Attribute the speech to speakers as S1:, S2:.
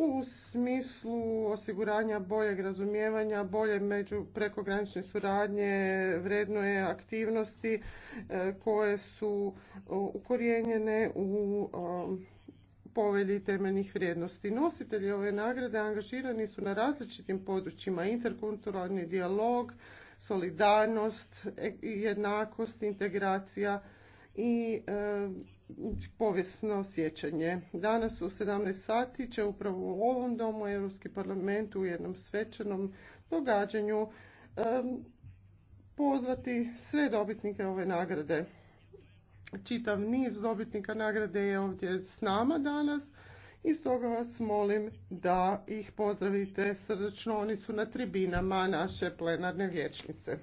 S1: u smislu osiguranja boljeg razumijevanja, bolje među prekogranične suradnje, vrednoje aktivnosti e, koje su e, ukorijenjene u e, povelji temeljnih vrijednosti. Nositelji ove nagrade angažirani su na različitim područjima interkulturalni dijalog, solidarnost, jednakost, integracija i povijesno sjećanje. Danas u 17 sati će upravo u ovom domu Europski parlament u jednom svečanom događanju pozvati sve dobitnike ove nagrade. Čitav niz dobitnika nagrade je ovdje s nama danas i stoga vas molim da ih pozdravite srdečno. Oni su na tribinama naše plenarne vječnice.